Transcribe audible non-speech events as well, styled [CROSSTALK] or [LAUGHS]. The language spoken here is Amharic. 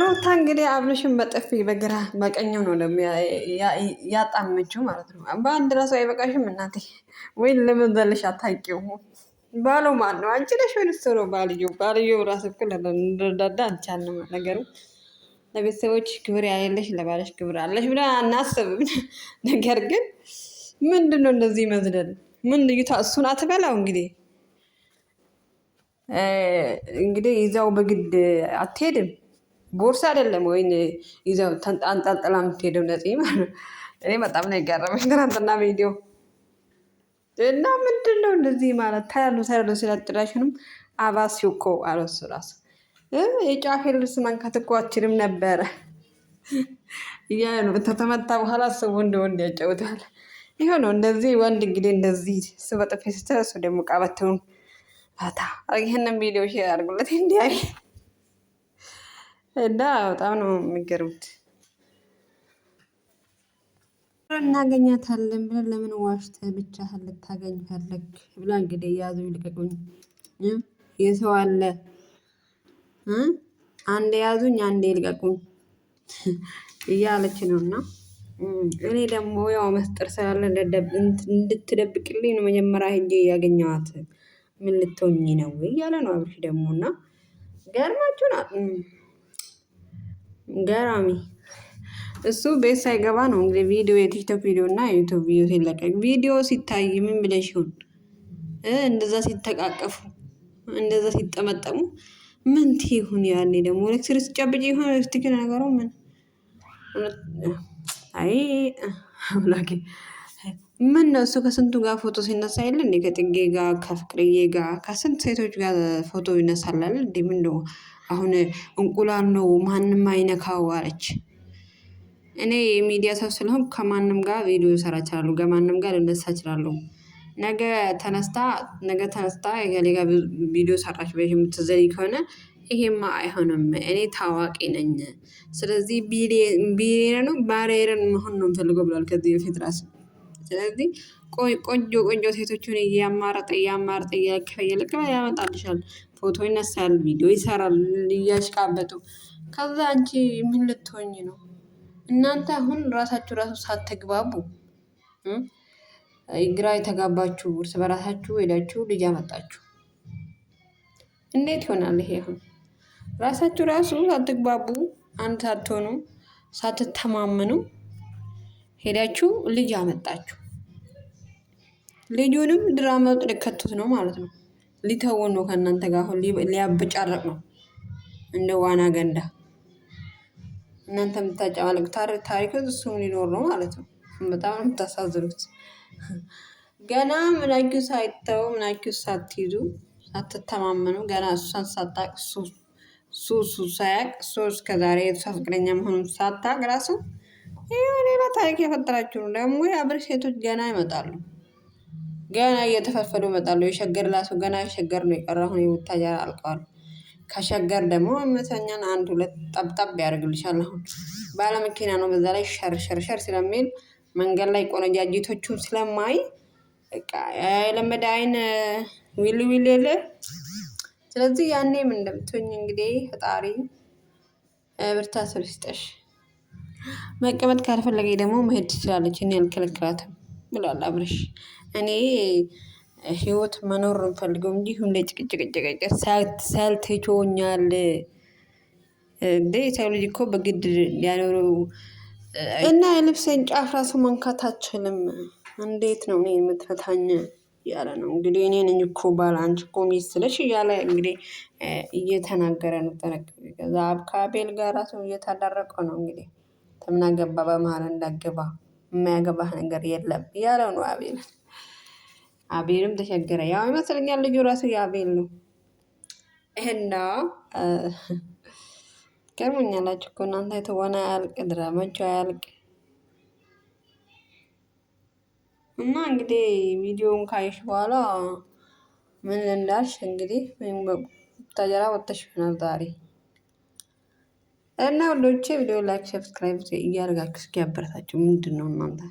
ሩታ እንግዲህ አብርሽን በጥፊ በግራ በቀኝም ነው ደግሞ ያጣመችው ማለት ነው። በአንድ ራሱ አይበቃሽም እናቴ ወይ ለምን ዘለሽ አታውቂውም? ባለው ማን ነው? አንቺ ነሽ ወይንስ ነው ባልየው? ባልየው ራሱ እኮ ልንረዳዳ አልቻልንም። ነገሩ ለቤተሰቦች ክብር ያየለሽ ለባለሽ ክብር አለሽ ብለ አናስብም። [LAUGHS] ነገር ግን ምንድን ነው እንደዚህ ይመስለል ምን ልዩታ? እሱን አትበላው እንግዲህ እንግዲህ ይዛው በግድ አትሄድም። ቦርሳ አይደለም ወይ ይዛው አንጠልጥላ የምትሄደው ነፂ ማለት እኔ በጣም ነው የገረመኝ ትናንትና ቪዲዮ እና ምንድን ነው እንደዚህ ማለት ታያሉ ታያሉ ሲለጥዳሽንም አባስ እኮ አለሱ ራሱ የጫፌን ልብስ መንካት እኮ አችልም ነበረ እያ ነው። ተተመታ በኋላ ሰው ወንድ ወንድ ያጫውታል። ይሄ ነው እንደዚህ ወንድ እንግዲህ እንደዚህ ስበጥፌ ስተረሱ ደግሞ ቃበተውን ታ ይህንን ቪዲዮ ሼር አድርጉለት እንዲያይ እና በጣም ነው የሚገርሙት። እናገኛታለን ብለን ለምን ዋሽተ ብቻህን ልታገኝ ፈለግ ብላ እንግዲህ እያዙ ይልቀቁኝ፣ የሰው አለ አንዴ ያዙኝ አንዴ ይልቀቁኝ [LAUGHS] እያለች ነው። እና እኔ ደግሞ ያው መስጠር ስላለ እንድትደብቅልኝ ነው መጀመሪያ ሄጄ እያገኘዋት ምን ልትሆኝ ነው እያለ ነው አብርሽ ደግሞ እና ገርማችሁ ናት ገራሚ እሱ ቤት ሳይገባ ነው እንግዲህ ቪዲዮ የቲክቶክ ቪዲዮ እና የዩቱብ ቪዲዮ ሲለቀቅ ቪዲዮ ሲታይ ምን ብለሽ ይሁን እንደዛ ሲተቃቀፉ እንደዛ ሲጠመጠሙ ምን ትይሁን? ያኔ ደግሞ ኤሌክትሪክ ሲጨብጭ ይሁን ኤሌክትሪክ ነገሩ ምን አይ አምላኬ ምን ነው እሱ ከስንቱ ጋር ፎቶ ሲነሳ የለ እንዴ? ከጥጌ ጋር ከፍቅርዬ ጋር ከስንት ሴቶች ጋር ፎቶ ይነሳላል እንዴ? ምን አሁን እንቁላል ነው ማንም አይነካው አለች። እኔ የሚዲያ ሰው ስለሆን ከማንም ጋር ቪዲዮ ይሰራ ይችላሉ፣ ከማንም ጋር ልነሳ ይችላሉ። ነገ ተነስታ ነገ ተነስታ የገሌ ጋር ቪዲዮ ሰራች በ የምትዘኝ ከሆነ ይሄማ አይሆንም። እኔ ታዋቂ ነኝ፣ ስለዚህ ቢሊየነሩ ባሪየርን መሆን ነው የምፈልገው ብሏል ከዚህ በፊት ራስ። ስለዚህ ቆንጆ ቆንጆ ሴቶችን እያማረጠ እያማረጠ እያለከፈ እያለከፈ ያመጣልሻል። ፎቶ ይነሳል፣ ቪዲዮ ይሰራል እያሽቃበጡ። ከዛ አንቺ ምን ልትሆኝ ነው? እናንተ አሁን ራሳችሁ ራሱ ሳትግባቡ ግራ የተጋባችሁ እርስ በራሳችሁ ሄዳችሁ ልጅ አመጣችሁ፣ እንዴት ይሆናል ይሄ? አሁን ራሳችሁ ራሱ ሳትግባቡ አንድ ሳትሆኑ ሳትተማመኑ ሄዳችሁ ልጅ አመጣችሁ። ልጁንም ድራማ ልከቱት ነው ማለት ነው። ሊተውን ነው ከእናንተ ጋር አሁን ሊያበጫርቅ ነው እንደ ዋና ገንዳ እናንተ የምታጨማለቁ ታሪክ እሱ ይኖር ነው ማለት ነው። በጣም ነው የምታሳዝኑት። ገና ምናችሁ ሳይተው ምናችሁ ሳትይዙ ሳትተማመኑ ገና እሷን ሳታቅ እሱ እሱ ሳያቅ እሱ እስከዛሬ የእሷ ፍቅረኛ መሆኑን ሳታቅ ራሱ ሌላ ታሪክ የፈጠራችሁ ነው። ደግሞ የአብር ሴቶች ገና ይመጣሉ። ገና እየተፈፈዱ ይመጣሉ። የሸገር ላሱ ገና የሸገር ነው የቀረ። አሁን የቡታያ አልቀዋል። ከሸገር ደግሞ እምነተኛን አንድ ሁለት ጠብጠብ ያደርግልሻል። አሁን ባለመኪና ነው በዛ ላይ ሸርሸርሸር ስለሚል መንገድ ላይ ቆነጃጅቶቹም ስለማይ በቃ የለመደ አይን ዊል ዊል የለ። ስለዚህ ያኔ ምን እንደምትሆኝ እንግዲህ ፈጣሪ ብርታት ስጥሽ። መቀመጥ ካልፈለገኝ ደግሞ መሄድ ትችላለች፣ እኔ አልከለክላትም ብሏል አብርሽ እኔ ህይወት መኖር እንፈልገው እንጂ ሁሌ ጭቅጭቅጭቅጭቅ ሰልትቾኛል። እንደ የሰው ልጅ እኮ በግድ ሊያኖረው እና የልብሴን ጫፍ ራሱ መንካት አችልም። እንዴት ነው እኔ የምትፈታኝ እያለ ነው እንግዲህ። እኔን እኮ ባል አንቺ እኮ ሚስለሽ እያለ እንግዲህ እየተናገረ ነበረ። ከዛ ከአቤል ጋር ራሱ እየታዳረቀ ነው እንግዲህ። ተምናገባ በመሀል እንዳገባ የማያገባህ ነገር የለም እያለው ነው አቤል። አቤልም ተቸገረ። ያው ይመስለኛል ልጁ ራሱ የአቤል ነው እና ገርሞኛላችሁ እኮ እናንተ የተወና ያልቅ ድራማቸው አያልቅ እና እንግዲህ ቪዲዮውን ካየሽ በኋላ ምን እንዳልሽ እንግዲህ ታጀራ ወጥተሽ ይሆናል ዛሬ እና ሁሎቼ ቪዲዮ ላይክ፣ ሰብስክራይብ እያደርጋችሁ እስኪ ያበረታችሁ ምንድን ነው እናንተ